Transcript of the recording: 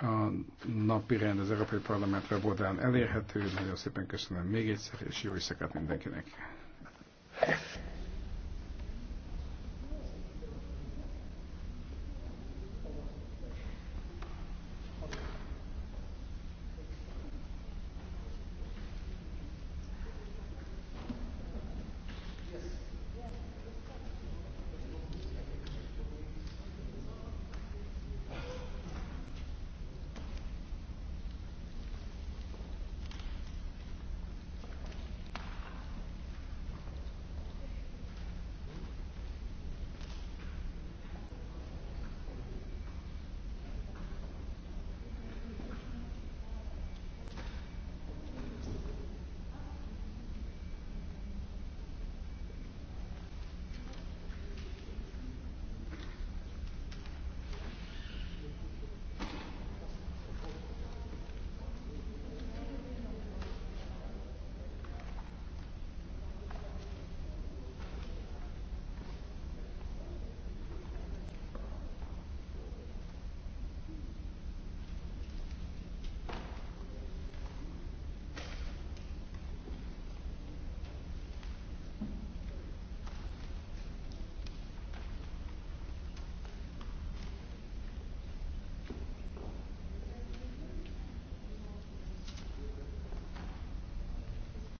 a napi rend az Európai Parlament weboldalán elérhető. Nagyon szépen köszönöm még egyszer, és jó éjszakát mindenkinek!